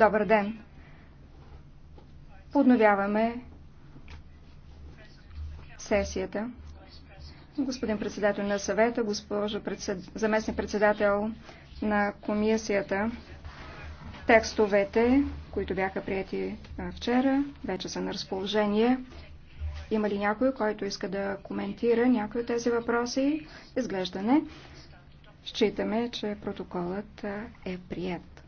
Добър ден! Подновяваме сесията. Господин председател на съвета, госпожо председ... заместник председател на комисията, текстовете, които бяха прияти вчера, вече са на разположение. Има ли някой, който иска да коментира някои от тези въпроси? Изглеждане? Считаме, че протоколът е прият.